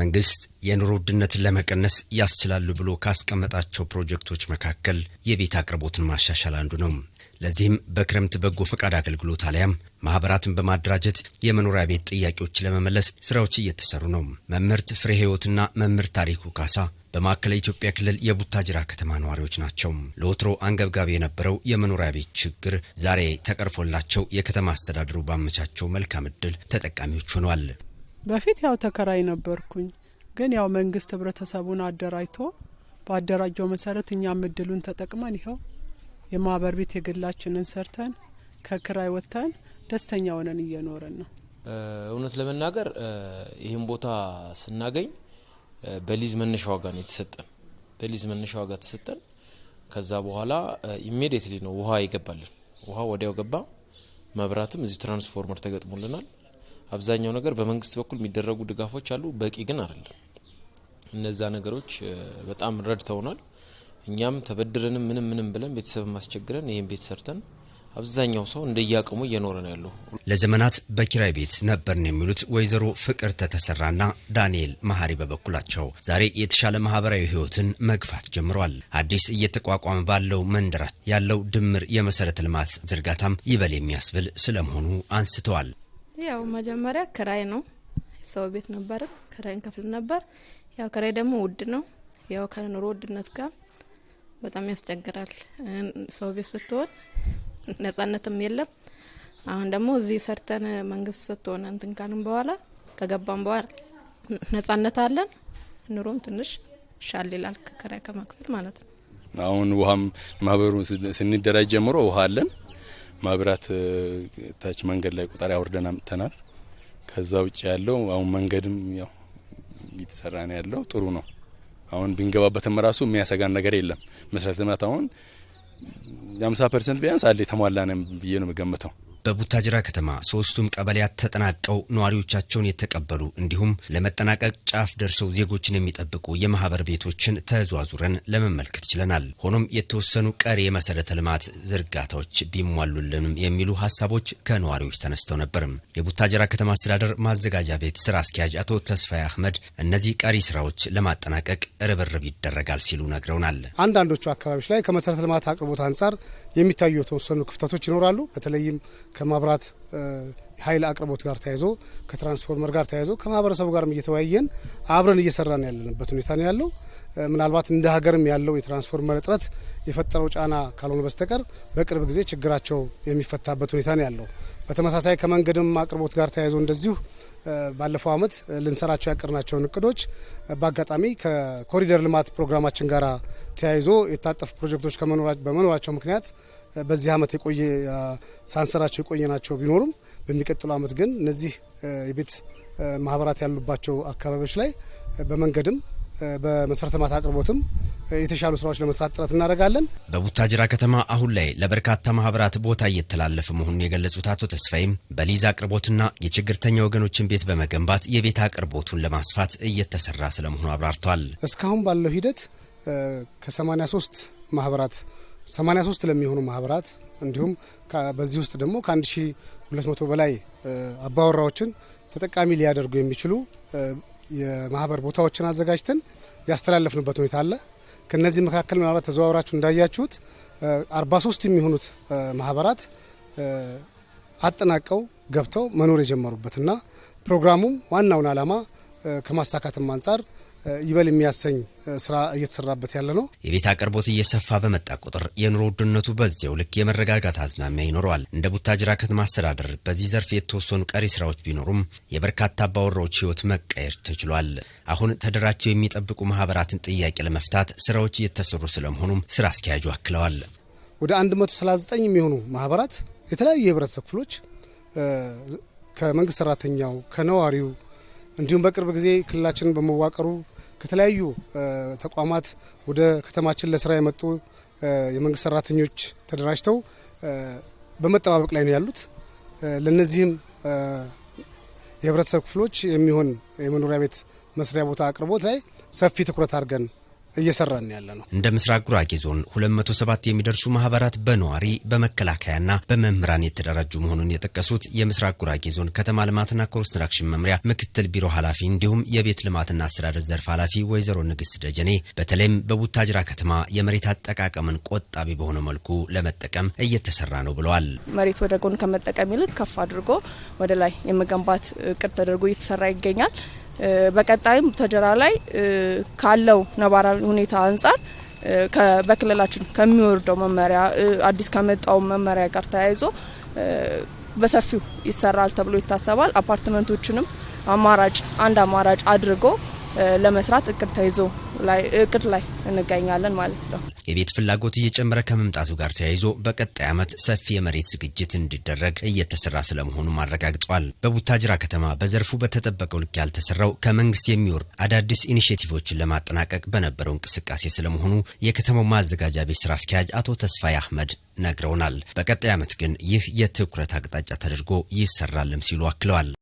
መንግስት የኑሮ ውድነትን ለመቀነስ ያስችላሉ ብሎ ካስቀመጣቸው ፕሮጀክቶች መካከል የቤት አቅርቦትን ማሻሻል አንዱ ነው። ለዚህም በክረምት በጎ ፈቃድ አገልግሎት አሊያም ማህበራትን በማደራጀት የመኖሪያ ቤት ጥያቄዎች ለመመለስ ስራዎች እየተሰሩ ነው። መምህርት ፍሬ ህይወትና መምህር ታሪኩ ካሳ በማዕከላዊ ኢትዮጵያ ክልል የቡታጅራ ከተማ ነዋሪዎች ናቸው። ለወትሮ አንገብጋቢ የነበረው የመኖሪያ ቤት ችግር ዛሬ ተቀርፎላቸው የከተማ አስተዳደሩ ባመቻቸው መልካም እድል ተጠቃሚዎች ሆኗል። በፊት ያው ተከራይ ነበርኩኝ። ግን ያው መንግስት ህብረተሰቡን አደራጅቶ በአደራጀው መሰረት እኛም እድሉን ተጠቅመን ይኸው የማህበር ቤት የግላችንን ሰርተን ከክራይ ወጥተን ደስተኛ ሆነን እየኖረን ነው። እውነት ለመናገር ይህን ቦታ ስናገኝ በሊዝ መነሻ ዋጋ ነው የተሰጠን። በሊዝ መነሻ ዋጋ ተሰጠን። ከዛ በኋላ ኢሚዲየትሊ ነው ውሃ ይገባልን። ውሃ ወዲያው ገባ። መብራትም እዚሁ ትራንስፎርመር ተገጥሞልናል። አብዛኛው ነገር በመንግስት በኩል የሚደረጉ ድጋፎች አሉ፣ በቂ ግን አይደለም። እነዛ ነገሮች በጣም ረድተውናል። እኛም ተበድረንም ምንም ምንም ብለን ቤተሰብ ማስቸግረን ይህን ቤት ሰርተን አብዛኛው ሰው እንደየአቅሙ እየኖረ ነው ያለው። ለዘመናት በኪራይ ቤት ነበርን የሚሉት ወይዘሮ ፍቅር ተተሰራና ዳንኤል መሀሪ በበኩላቸው ዛሬ የተሻለ ማህበራዊ ህይወትን መግፋት ጀምሯል። አዲስ እየተቋቋመ ባለው መንደራት ያለው ድምር የመሰረተ ልማት ዝርጋታም ይበል የሚያስብል ስለመሆኑ አንስተዋል። ያው መጀመሪያ ክራይ ነው ሰው ቤት ነበር፣ ክራይን ከፍል ነበር። ያው ክራይ ደግሞ ውድ ነው። ያው ከኑሮ ውድነት ጋር በጣም ያስቸግራል። ሰው ቤት ስትሆን ነጻነትም የለም። አሁን ደግሞ እዚህ ሰርተን መንግስት ስትሆን እንትን ካልን በኋላ ከገባም በኋላ ነጻነት አለን። ኑሮም ትንሽ ሻል ይላል፣ ከክራይ ከመክፈል ማለት ነው። አሁን ውሃም ማህበሩ ስንደራጅ ጀምሮ ውሃ አለን ማብራት ታች መንገድ ላይ ቆጣሪ አውርደን አምጥተናል። ከዛ ውጭ ያለው አሁን መንገድም ያው እየተሰራ ነው ያለው ጥሩ ነው። አሁን ብንገባበትም ራሱ የሚያሰጋን ነገር የለም። መሰረተ ልማት አሁን 50 ፐርሰንት ቢያንስ አለ የተሟላ ነው ብዬ ነው የምገምተው። በቡታጅራ ከተማ ሶስቱም ቀበሌያት ተጠናቀው ነዋሪዎቻቸውን የተቀበሉ እንዲሁም ለመጠናቀቅ ጫፍ ደርሰው ዜጎችን የሚጠብቁ የማህበር ቤቶችን ተዟዙረን ለመመልከት ችለናል። ሆኖም የተወሰኑ ቀሪ የመሰረተ ልማት ዝርጋታዎች ቢሟሉልንም የሚሉ ሀሳቦች ከነዋሪዎች ተነስተው ነበርም። የቡታጅራ ከተማ አስተዳደር ማዘጋጃ ቤት ስራ አስኪያጅ አቶ ተስፋዬ አህመድ እነዚህ ቀሪ ስራዎች ለማጠናቀቅ ርብርብ ይደረጋል ሲሉ ነግረውናል። አንዳንዶቹ አካባቢዎች ላይ ከመሰረተ ልማት አቅርቦት አንጻር የሚታዩ የተወሰኑ ክፍተቶች ይኖራሉ። በተለይም ከማብራት ኃይል አቅርቦት ጋር ተያይዞ ከትራንስፎርመር ጋር ተያይዞ ከማህበረሰቡ ጋርም እየተወያየን አብረን እየሰራን ያለንበት ሁኔታ ነው ያለው። ምናልባት እንደ ሀገርም ያለው የትራንስፎርመር እጥረት የፈጠረው ጫና ካልሆነ በስተቀር በቅርብ ጊዜ ችግራቸው የሚፈታበት ሁኔታ ነው ያለው። በተመሳሳይ ከመንገድም አቅርቦት ጋር ተያይዞ እንደዚሁ ባለፈው ዓመት ልንሰራቸው ያቀርናቸውን እቅዶች በአጋጣሚ ከኮሪደር ልማት ፕሮግራማችን ጋር ተያይዞ የታጠፉ ፕሮጀክቶች በመኖራቸው ምክንያት በዚህ ዓመት የቆየ ሳንሰራቸው የቆየ ናቸው ቢኖሩም በሚቀጥሉ ዓመት ግን እነዚህ የቤት ማህበራት ያሉባቸው አካባቢዎች ላይ በመንገድም በመሰረተ ልማት አቅርቦትም የተሻሉ ስራዎች ለመስራት ጥረት እናደርጋለን። በቡታጅራ ከተማ አሁን ላይ ለበርካታ ማህበራት ቦታ እየተላለፈ መሆኑን የገለጹት አቶ ተስፋይም በሊዝ አቅርቦትና የችግርተኛ ወገኖችን ቤት በመገንባት የቤት አቅርቦቱን ለማስፋት እየተሰራ ስለመሆኑ አብራርተዋል። እስካሁን ባለው ሂደት ከ83 ማህበራት 83 ለሚሆኑ ማህበራት እንዲሁም በዚህ ውስጥ ደግሞ ከ1200 በላይ አባወራዎችን ተጠቃሚ ሊያደርጉ የሚችሉ የማህበር ቦታዎችን አዘጋጅተን ያስተላለፍንበት ሁኔታ አለ። ከነዚህ መካከል ምናልባት ተዘዋውራችሁ እንዳያችሁት 43 የሚሆኑት ማህበራት አጠናቀው ገብተው መኖር የጀመሩበትና ፕሮግራሙም ዋናውን ዓላማ ከማሳካትም አንጻር ይበል የሚያሰኝ ስራ እየተሰራበት ያለ ነው። የቤት አቅርቦት እየሰፋ በመጣ ቁጥር የኑሮ ውድነቱ በዚያው ልክ የመረጋጋት አዝማሚያ ይኖረዋል። እንደ ቡታጅራ ከተማ አስተዳደር በዚህ ዘርፍ የተወሰኑ ቀሪ ስራዎች ቢኖሩም የበርካታ አባወራዎች ህይወት መቀየር ተችሏል። አሁን ተደራጅተው የሚጠብቁ ማህበራትን ጥያቄ ለመፍታት ስራዎች እየተሰሩ ስለመሆኑም ስራ አስኪያጁ አክለዋል። ወደ 139 የሚሆኑ ማህበራት የተለያዩ የህብረተሰብ ክፍሎች ከመንግስት ሰራተኛው ከነዋሪው እንዲሁም በቅርብ ጊዜ ክልላችንን በመዋቀሩ ከተለያዩ ተቋማት ወደ ከተማችን ለስራ የመጡ የመንግስት ሰራተኞች ተደራጅተው በመጠባበቅ ላይ ነው ያሉት። ለነዚህም የህብረተሰብ ክፍሎች የሚሆን የመኖሪያ ቤት መስሪያ ቦታ አቅርቦት ላይ ሰፊ ትኩረት አድርገን እየሰራን ያለ ነው። እንደ ምስራቅ ጉራጌ ዞን 207 የሚደርሱ ማህበራት በነዋሪ በመከላከያና በመምህራን የተደራጁ መሆኑን የጠቀሱት የምስራቅ ጉራጌ ዞን ከተማ ልማትና ኮንስትራክሽን መምሪያ ምክትል ቢሮ ኃላፊ እንዲሁም የቤት ልማትና አስተዳደር ዘርፍ ኃላፊ ወይዘሮ ንግስት ደጀኔ በተለይም በቡታጅራ ከተማ የመሬት አጠቃቀምን ቆጣቢ በሆነ መልኩ ለመጠቀም እየተሰራ ነው ብለዋል። መሬት ወደ ጎን ከመጠቀም ይልቅ ከፍ አድርጎ ወደ ላይ የመገንባት እቅድ ተደርጎ እየተሰራ ይገኛል። በቀጣይም ተደራ ላይ ካለው ነባራዊ ሁኔታ አንጻር በክልላችን ከሚወርደው መመሪያ አዲስ ከመጣው መመሪያ ጋር ተያይዞ በሰፊው ይሰራል ተብሎ ይታሰባል። አፓርትመንቶችንም አማራጭ አንድ አማራጭ አድርጎ ለመስራት እቅድ ተይዞ ላይ እቅድ ላይ እንገኛለን ማለት ነው። የቤት ፍላጎት እየጨመረ ከመምጣቱ ጋር ተያይዞ በቀጣይ ዓመት ሰፊ የመሬት ዝግጅት እንዲደረግ እየተሰራ ስለመሆኑ አረጋግጧል። በቡታጅራ ከተማ በዘርፉ በተጠበቀው ልክ ያልተሰራው ከመንግስት የሚወርድ አዳዲስ ኢኒሽቲቮችን ለማጠናቀቅ በነበረው እንቅስቃሴ ስለመሆኑ የከተማው ማዘጋጃ ቤት ስራ አስኪያጅ አቶ ተስፋይ አህመድ ነግረውናል። በቀጣይ ዓመት ግን ይህ የትኩረት አቅጣጫ ተደርጎ ይሰራልም ሲሉ አክለዋል።